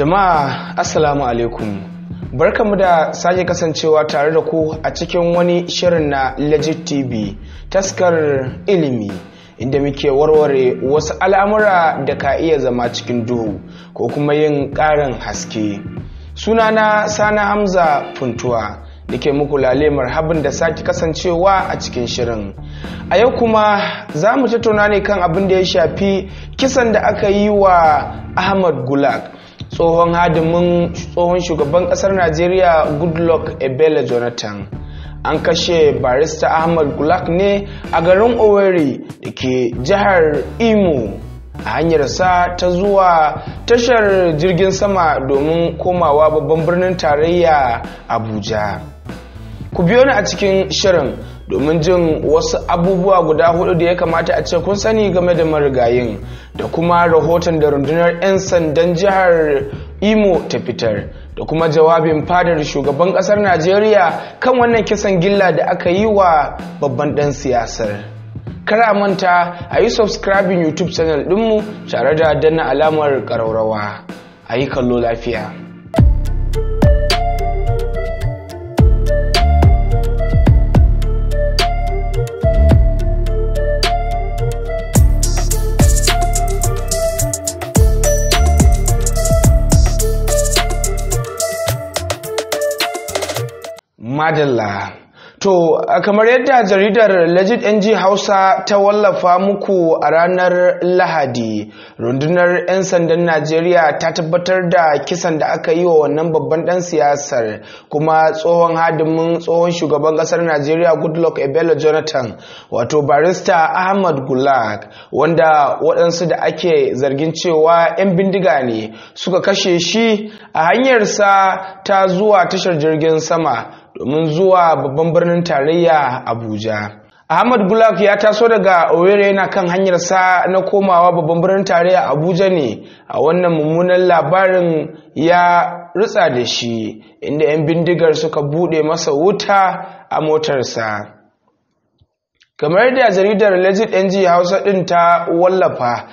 jama'a assalamu alaikum barkamu da sake kasancewa tare da ku a cikin wani shirin na legit tv taskar ilimi inda muke warware wasu al'amura da ka iya zama cikin duhu ko kuma yin ƙarin haske sunana sana hamza funtuwa da ke muku lalemar habin da sake kasancewa a cikin shirin a yau kuma za mu tattauna ne kan abin da ya shafi kisan da aka yi wa ahmad gulag tsohon hadimin tsohon shugaban kasar najeriya goodluck ebele jonathan an kashe barista ahmad gulak ne a garin oweri da ke jihar imo a hanyarsa ta zuwa tashar jirgin sama domin komawa babban birnin tarayya abuja ku biyo ni a cikin shirin domin jin wasu abubuwa guda hudu da ya kamata a ce kun sani game da marigayin da kuma rahoton da rundunar 'yan sandan jihar imo ta fitar da kuma jawabin fadar shugaban kasar najeriya kan wannan kisan gilla da aka yi wa babban dan siyasar kara manta a yi subscribing youtube channel dinmu tare da danna alamar ƙararrawa a yi kallo lafiya madalla to kamar yadda jaridar legit ng hausa ta wallafa muku a ranar lahadi rundunar 'yan sandan najeriya ta tabbatar da kisan da aka yi wa wannan babban dan siyasar kuma tsohon hadimin tsohon shugaban kasar najeriya goodluck ebele jonathan wato barista ahmad gulag wanda waɗansu da ake zargin cewa 'yan bindiga ne suka kashe shi a hanyarsa ta zuwa tashar jirgin sama domin zuwa babban birnin tarayya Abuja. Ahmad Gulak ya taso daga Owerri yana kan hanyarsa na komawa babban birnin tarayya Abuja ne a wannan mummunan labarin ya ritsa da shi inda 'yan bindigar suka buɗe masa wuta a motarsa. Kamar da jaridar Legit NG Hausa ɗin ta wallafa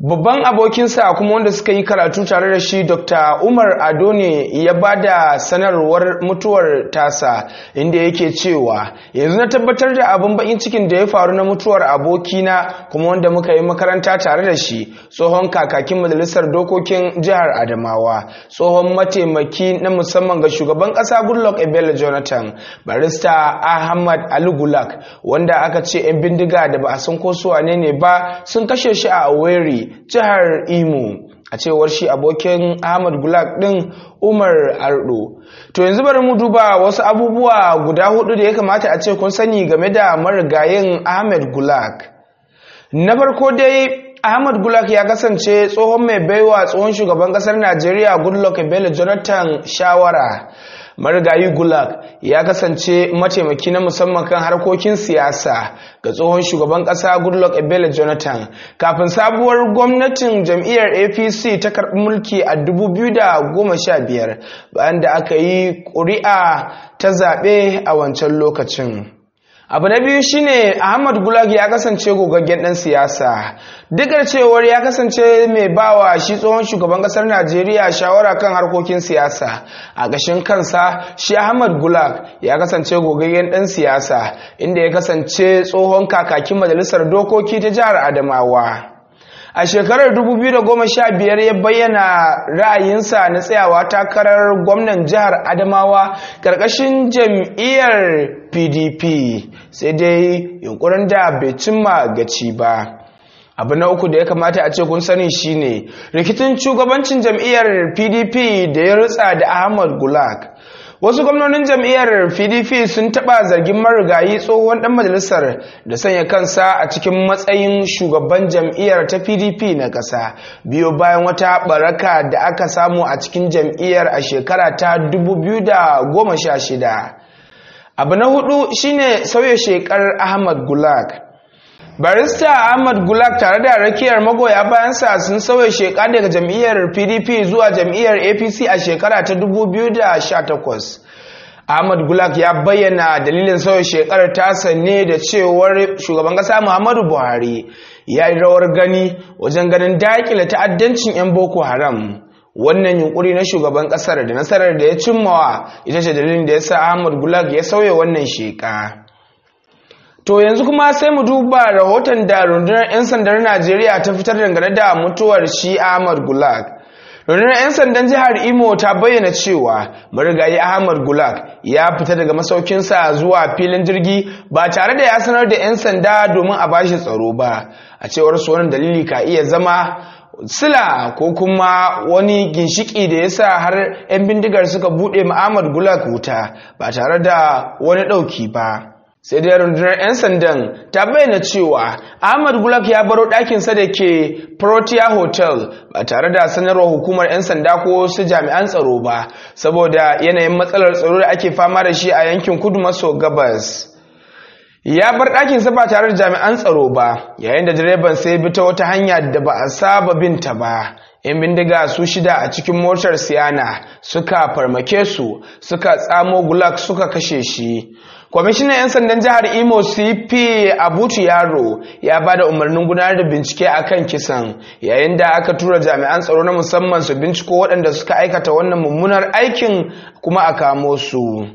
babban abokinsa kuma wanda suka yi karatu tare da shi dr umar ado ne ya ba da sanarwar mutuwar tasa inda yake cewa yanzu na tabbatar da abin bakin cikin da ya faru na mutuwar abokina kuma wanda muka yi makaranta tare da shi tsohon kakakin majalisar dokokin jihar adamawa tsohon mataimaki na musamman ga shugaban kasa goodluck ebele jonathan barista ahmad ali gulak wanda aka ce 'yan bindiga da ba a san ko su ne ba sun kashe shi a aweri jihar Imo a cewar shi abokin Ahmad Gulag din Umar Ardo. To yanzu bari mu duba wasu abubuwa guda hudu da ya kamata a ce kun sani game da marigayin Ahmad Gulag. Na farko dai Ahmad Gulak ya kasance tsohon mai baiwa tsohon shugaban kasar Najeriya Goodluck Ebele Jonathan shawara. Marigayi Gulak ya kasance mataimaki na musamman kan harkokin siyasa ga tsohon shugaban ƙasa Goodluck Ebele Jonathan kafin sabuwar gwamnatin jam'iyyar APC ta karɓi mulki a 2015 bayan da aka yi ƙuri'a ta zaɓe a wancan lokacin. abu na biyu shine ahmad gulag ya kasance gogaggen dan siyasa duk da cewar ya kasance mai bawa shi tsohon shugaban kasar najeriya shawara kan harkokin siyasa a gashin kansa shi ahmad gulag ya kasance gogaggen dan siyasa inda ya kasance tsohon kakakin majalisar dokoki ta jihar adamawa a shekarar 2015 ya bayyana ra'ayinsa na tsayawa takarar gwamnan jihar adamawa ƙarƙashin jam'iyyar pdp sai dai yunkurin da bai cimma gaci ba abu na uku da ya kamata a ce kun sani shine rikicin shugabancin jam'iyyar pdp da ya rutsa da ahmad gulag wasu gwamnonin jam'iyyar pdp sun taɓa zargin marigayi tsohon ɗan majalisar da sanya kansa a cikin matsayin shugaban jam'iyyar ta pdp na ƙasa biyo bayan wata baraka da aka samu a cikin jam'iyyar a shekara ta 2016 abu na hudu shine sauya shekar ahmad gulag barista ahmad gulak tare da rakiyar magoya bayansa sun sauya sheka daga jam'iyyar pdp zuwa jam'iyyar apc a shekara ta 2018 ahmad gulak ya bayyana dalilin sauya shekarar tasa ne da cewar shugaban kasa muhammadu buhari ya yi rawar gani wajen ganin daƙile ta'addancin 'yan boko haram wannan yunkuri na shugaban kasar da nasarar da ya cimmawa ita ce dalilin da ya sa ahmad gulak ya sauya wannan sheka To yanzu kuma sai mu duba rahoton da rundunar 'yan sandar Najeriya ta fitar dangane da mutuwar shi Ahmad Gulag. rundunar 'yan sandan jihar imo ta bayyana cewa marigayi ahmad gulag ya fita daga masaukinsa zuwa filin jirgi ba tare da ya sanar da 'yan sanda domin a bashi tsaro ba a cewar su wani dalili ka iya zama sila ko kuma wani ginshiki da ya sa har 'yan bindigar suka buɗe ahmad gulag wuta ba tare da wani ɗauki ba sai dai rundunar 'yan sandan ta bayyana cewa ahmad gulak ya baro ɗakinsa da ke protea hotel ba tare da sanarwa hukumar 'yan sanda ko su jami'an tsaro ba saboda yanayin matsalar tsaro da ake fama da shi a yankin kudu maso gabas ya bar ɗakinsa ba tare da jami'an tsaro ba yayin da direban sai bi ta wata hanya da ba a saba binta ba 'yan bindiga su shida a cikin motar siyana suka farmake su suka tsamo gulak suka kashe shi kwamishinan 'yan sandan jihar imo cp abutu yaro ya ba da umarnin gudanar da bincike a kan kisan yayin da aka tura jami'an tsaro na musamman su binciko waɗanda suka aikata wannan mummunar aikin kuma a kamo su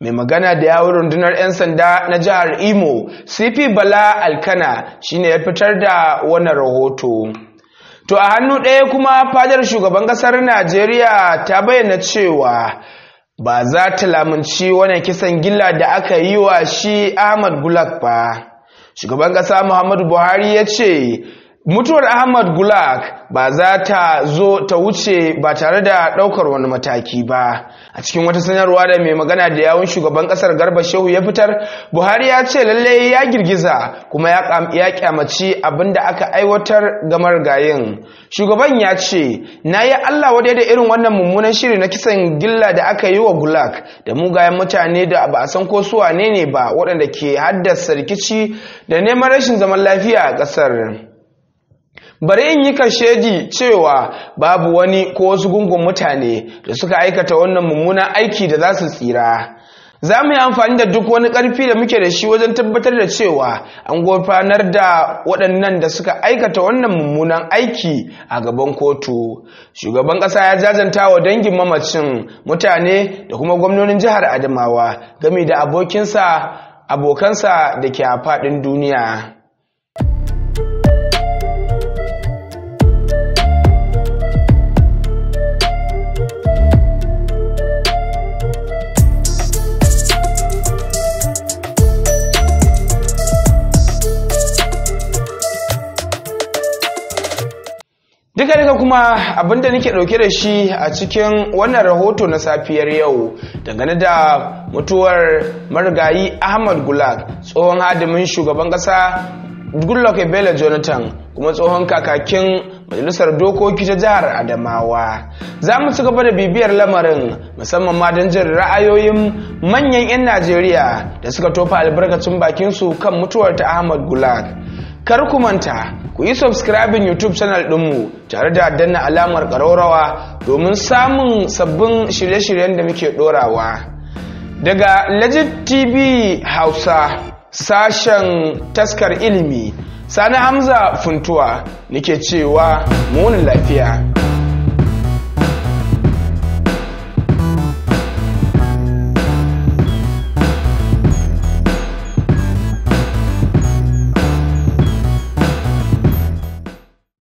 mai magana da yawon rundunar 'yan sanda na jihar imo cp bala alkana shine ya fitar da wannan rahoto to a hannu ɗaya kuma fadar shugaban ƙasar najeriya ta bayyana cewa ba za ta lamunci wani kisan gilla da aka yi wa shi ahmad gulak ba shugaban ƙasa muhammadu buhari ya ce mutuwar ahmad gulak ba za ta zo ta wuce ba tare da ɗaukar wani mataki ba a cikin wata sanarwa da mai magana da yawun shugaban kasar garba shehu ya fitar buhari ya ce lalle ya girgiza kuma ya kyamaci abin da aka aiwatar ga gayin shugaban ya ce na yi allah wadai da irin wannan mummunan shiri na kisan gilla da aka yi wa gulak da mugayen mutane da ba a san ko su ne ba waɗanda ke haddasa rikici da neman rashin zaman lafiya a ƙasar bari in yi kashedi cewa babu wani ko wasu gungun mutane da suka aikata wannan mummunan aiki da za su tsira za mu yi amfani da duk wani karfi da muke da shi wajen tabbatar da cewa an gurfanar da waɗannan da suka aikata wannan mummunan aiki a gaban kotu shugaban ƙasa ya jajanta wa dangin mamacin mutane da kuma gwamnonin jihar adamawa game da abokinsa abokansa da ke a faɗin duniya Duka duka kuma abinda nake ɗauke da shi a cikin wannan rahoto na safiyar yau dangane da mutuwar marigayi Ahmad Gulag tsohon hadimin shugaban kasa Goodluck Ebele Jonathan kuma tsohon kakakin majalisar dokoki ta jihar Adamawa. Za mu ci gaba da bibiyar lamarin musamman ma don jin ra'ayoyin manyan 'yan Najeriya da suka tofa albarkacin bakinsu kan mutuwar ta Ahmad Gulag. kar ku manta ku yi subscribing youtube channel ɗinmu tare da danna alamar ƙararrawa domin samun sabbin shirye-shiryen da muke ɗorawa daga legit tv hausa sashen taskar ilimi sani hamza funtuwa nake cewa munin lafiya